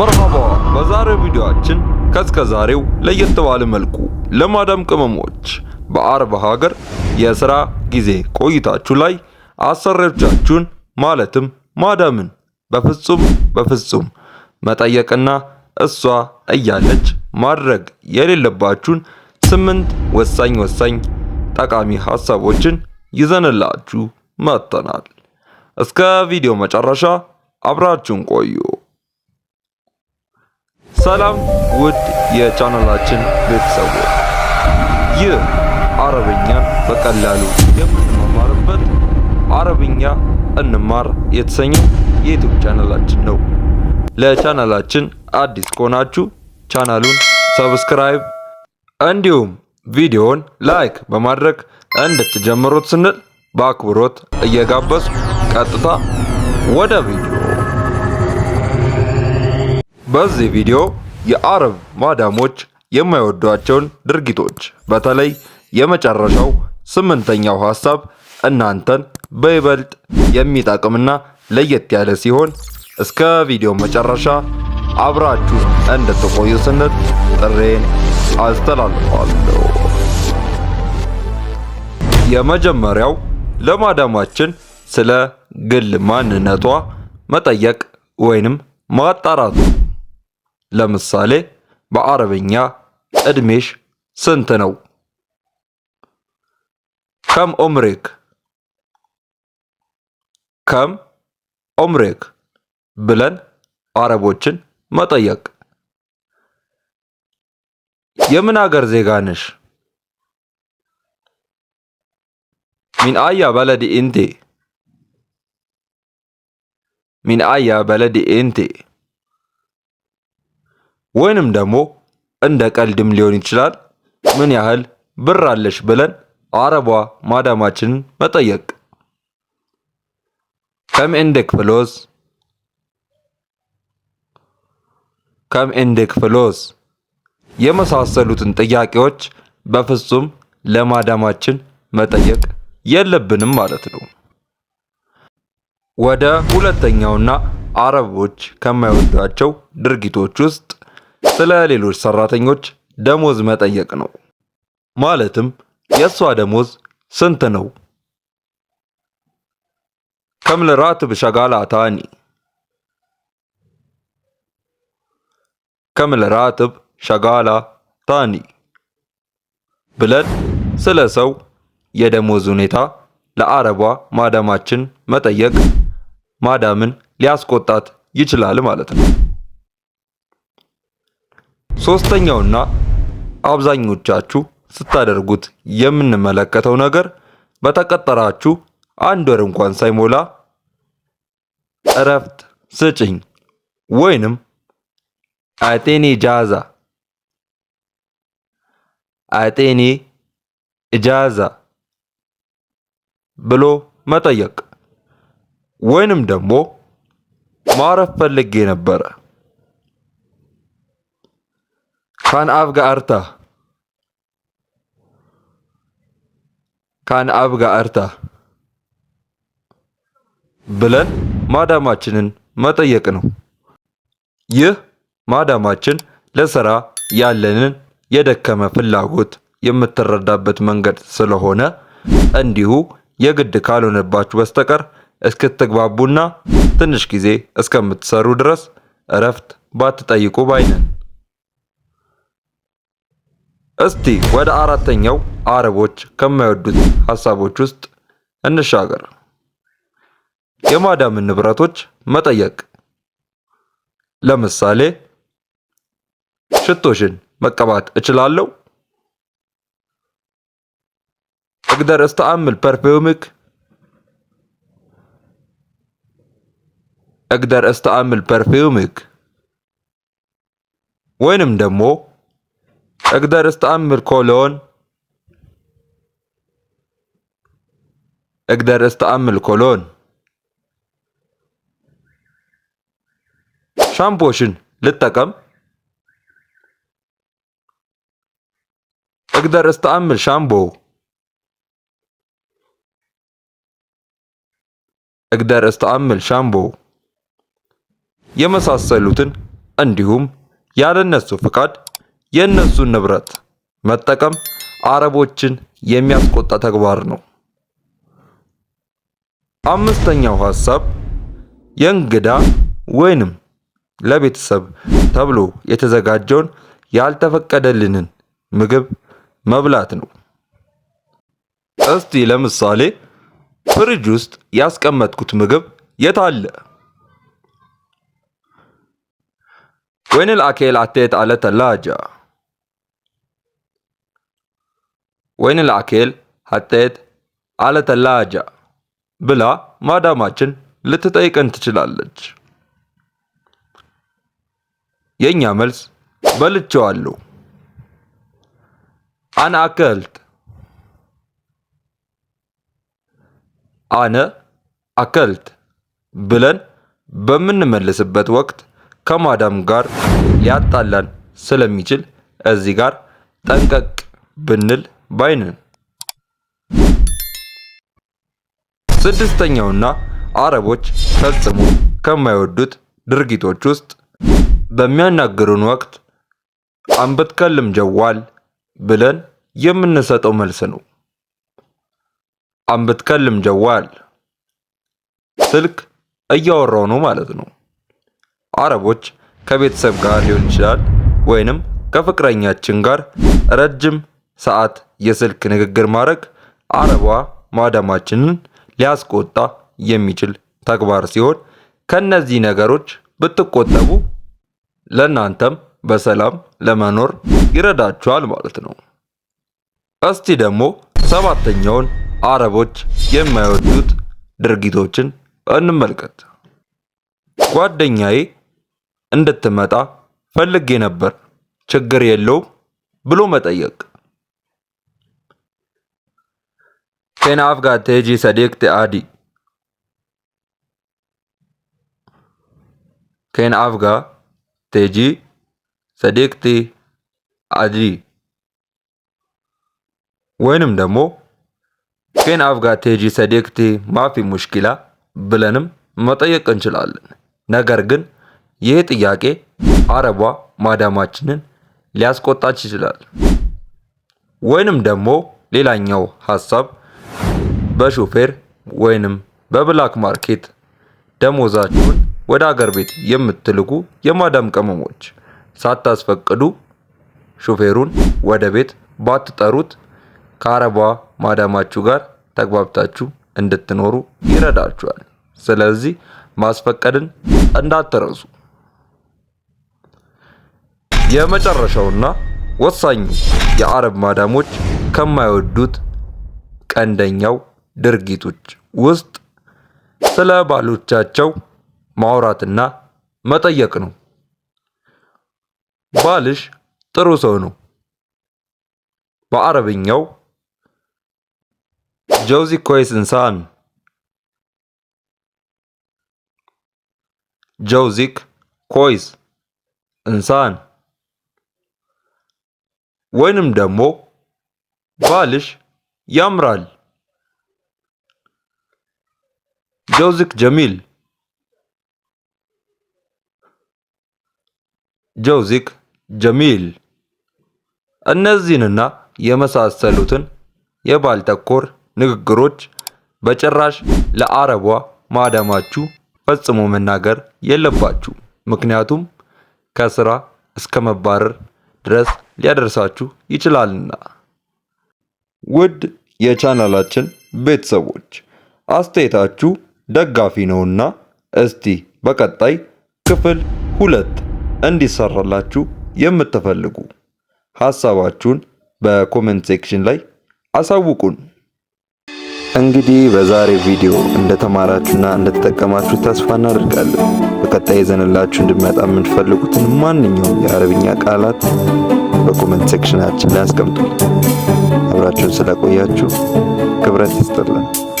መርሃባ በዛሬው ቪዲዮአችን ከስከዛሬው ለየት ባለ መልኩ ለማዳም ቅመሞች በአረብ ሀገር የስራ ጊዜ ቆይታችሁ ላይ አሰሪዎቻችሁን ማለትም ማዳምን በፍጹም በፍጹም መጠየቅና እሷ እያለች ማድረግ የሌለባችሁን ስምንት ወሳኝ ወሳኝ ጠቃሚ ሀሳቦችን ይዘንላችሁ መጥተናል። እስከ ቪዲዮ መጨረሻ አብራችሁን ቆዩ። ሰላም ውድ የቻናላችን ቤተሰቦች፣ ይህ አረብኛን በቀላሉ የምንማርበት አረብኛ እንማር የተሰኘው የዩቱብ ቻናላችን ነው። ለቻናላችን አዲስ ከሆናችሁ ቻናሉን ሰብስክራይብ እንዲሁም ቪዲዮውን ላይክ በማድረግ እንድትጀምሩት ስንል በአክብሮት እየጋበዝኩ ቀጥታ ወደ ቪዲዮ በዚህ ቪዲዮ የአረብ ማዳሞች የማይወዷቸውን ድርጊቶች በተለይ የመጨረሻው ስምንተኛው ሀሳብ እናንተን በይበልጥ የሚጠቅምና ለየት ያለ ሲሆን እስከ ቪዲዮ መጨረሻ አብራችሁ እንድትቆዩ ስንል ጥሬን አስተላልፋለሁ። የመጀመሪያው ለማዳማችን ስለ ግል ማንነቷ መጠየቅ ወይንም ማጣራት ለምሳሌ በአረብኛ እድሜሽ ስንት ነው? ከም ኦምሬክ ከም ኦምሬክ ብለን አረቦችን መጠየቅ። የምን አገር ዜጋ ነሽ? ሚን አያ በለዲ ኢንቴ ሚን አያ በለዲ ኢንቴ ወይንም ደግሞ እንደ ቀልድም ሊሆን ይችላል ምን ያህል ብር አለሽ ብለን አረቧ ማዳማችንን መጠየቅ። ከም ኢንዴክ ፍሎስ ከም ኢንዴክ ፍሎስ የመሳሰሉትን ጥያቄዎች በፍጹም ለማዳማችን መጠየቅ የለብንም ማለት ነው። ወደ ሁለተኛውና አረቦች ከማይወዷቸው ድርጊቶች ውስጥ ስለ ሌሎች ሰራተኞች ደሞዝ መጠየቅ ነው። ማለትም የእሷ ደሞዝ ስንት ነው? ከም ልራትብ ሸጋላ ታኒ ከም ልራትብ ሸጋላ ታኒ ብለን ስለ ሰው የደሞዝ ሁኔታ ለአረቧ ማዳማችን መጠየቅ ማዳምን ሊያስቆጣት ይችላል ማለት ነው። ሶስተኛውና አብዛኞቻችሁ ስታደርጉት የምንመለከተው ነገር በተቀጠራችሁ አንድ ወር እንኳን ሳይሞላ እረፍት ስጭኝ ወይንም አጤኔ ጃዛ አጤኔ እጃዛ ብሎ መጠየቅ ወይንም ደግሞ ማረፍ ፈልጌ ነበረ Kan Aaf ga'aartaa? Kan ብለን ማዳማችንን መጠየቅ ነው። ይህ ማዳማችን ለስራ ያለንን የደከመ ፍላጎት የምትረዳበት መንገድ ስለሆነ እንዲሁ የግድ ካልሆነባችሁ በስተቀር እስክትግባቡና ትንሽ ጊዜ እስከምትሰሩ ድረስ እረፍት ባትጠይቁ ባይነን። እስቲ ወደ አራተኛው አረቦች ከማይወዱት ሀሳቦች ውስጥ እንሻገር። የማዳምን ንብረቶች መጠየቅ፣ ለምሳሌ ሽቶሽን መቀባት እችላለሁ? እግደር እስተአምል ፐርፊውምክ እግደር እስተአምል ፐርፊውምክ ወይንም ደግሞ እግደር እስተአምር ኮሎን እግደር እስተአምል ኮሎን ሻምፖሽን ልጠቀም እግደር እስተአምል ሻምቦ እግደር እስተአምል ሻምቦ የመሳሰሉትን እንዲሁም ያለነሱ ፍቃድ የእነሱን ንብረት መጠቀም አረቦችን የሚያስቆጣ ተግባር ነው። አምስተኛው ሐሳብ የእንግዳ ወይንም ለቤተሰብ ተብሎ የተዘጋጀውን ያልተፈቀደልንን ምግብ መብላት ነው። እስቲ ለምሳሌ ፍሪጅ ውስጥ ያስቀመጥኩት ምግብ የት አለ? ወይን አልአኬል አቴት አለ ተላጃ ወይን ለአኬል ሀጤት አለተላጃ ብላ ማዳማችን ልትጠይቀን ትችላለች። የእኛ መልስ በልቼዋለሁ፣ አነ አከልት፣ አነ አከልት ብለን በምንመልስበት ወቅት ከማዳም ጋር ሊያጣላን ስለሚችል እዚህ ጋር ጠንቀቅ ብንል ባይን። ስድስተኛውና አረቦች ፈጽሞ ከማይወዱት ድርጊቶች ውስጥ በሚያናግሩን ወቅት አንበትከልም ጀዋል ብለን የምንሰጠው መልስ ነው። አንበትከልም ጀዋል ስልክ እያወራው ነው ማለት ነው። አረቦች ከቤተሰብ ጋር ሊሆን ይችላል ወይንም ከፍቅረኛችን ጋር ረጅም ሰዓት የስልክ ንግግር ማድረግ አረቧ ማዳማችንን ሊያስቆጣ የሚችል ተግባር ሲሆን ከነዚህ ነገሮች ብትቆጠቡ ለእናንተም በሰላም ለመኖር ይረዳችኋል ማለት ነው። እስቲ ደግሞ ሰባተኛውን አረቦች የማይወዱት ድርጊቶችን እንመልከት። ጓደኛዬ እንድትመጣ ፈልጌ ነበር፣ ችግር የለውም ብሎ መጠየቅ Kanaaf gaatteejjii sadeeqte aadi. Kanaaf gaatteejjii sadeeqte አዲ ወይንም ደግሞ ኬናፍ ጋቴጂ ሰዴክቲ ማፊ ሙሽኪላ ብለንም መጠየቅ እንችላለን። ነገር ግን ይህ ጥያቄ አረቧ ማዳማችንን ሊያስቆጣች ይችላል። ወይንም ደግሞ ሌላኛው ሀሳብ በሾፌር ወይንም በብላክ ማርኬት ደሞዛችሁን ወደ አገር ቤት የምትልኩ የማዳም ቅመሞች ሳታስፈቅዱ ሾፌሩን ወደ ቤት ባትጠሩት ከአረቧ ማዳማችሁ ጋር ተግባብታችሁ እንድትኖሩ ይረዳችኋል። ስለዚህ ማስፈቀድን እንዳትረሱ። የመጨረሻውና ወሳኙ የአረብ ማዳሞች ከማይወዱት ቀንደኛው ድርጊቶች ውስጥ ስለ ባሎቻቸው ማውራትና መጠየቅ ነው። ባልሽ ጥሩ ሰው ነው። በአረብኛው ጆዚ ኮይስ እንሳን ጆዚክ ኮይስ እንሳን ወይንም ደግሞ ባልሽ ያምራል። جوزك جميل ጆውዚክ ጀሚል እነዚህንና የመሳሰሉትን የባልተኮር ንግግሮች በጭራሽ ለአረቧ ማዳማችሁ ፈጽሞ መናገር የለባችሁ። ምክንያቱም ከስራ እስከ መባረር ድረስ ሊያደርሳችሁ ይችላልና። ውድ የቻናላችን ቤተሰቦች አስተያየታችሁ ደጋፊ ነውና እስቲ በቀጣይ ክፍል ሁለት እንዲሰራላችሁ የምትፈልጉ ሐሳባችሁን በኮሜንት ሴክሽን ላይ አሳውቁን። እንግዲህ በዛሬ ቪዲዮ እንደተማራችሁና እንደተጠቀማችሁ ተስፋ እናደርጋለን። በቀጣይ ይዘንላችሁ እንድንመጣ የምንፈልጉትን ማንኛውም የአረብኛ ቃላት በኮሜንት ሴክሽናችን ላይ አስቀምጡልን። አብራችሁን ስለቆያችሁ ክብረት ይስጥልን።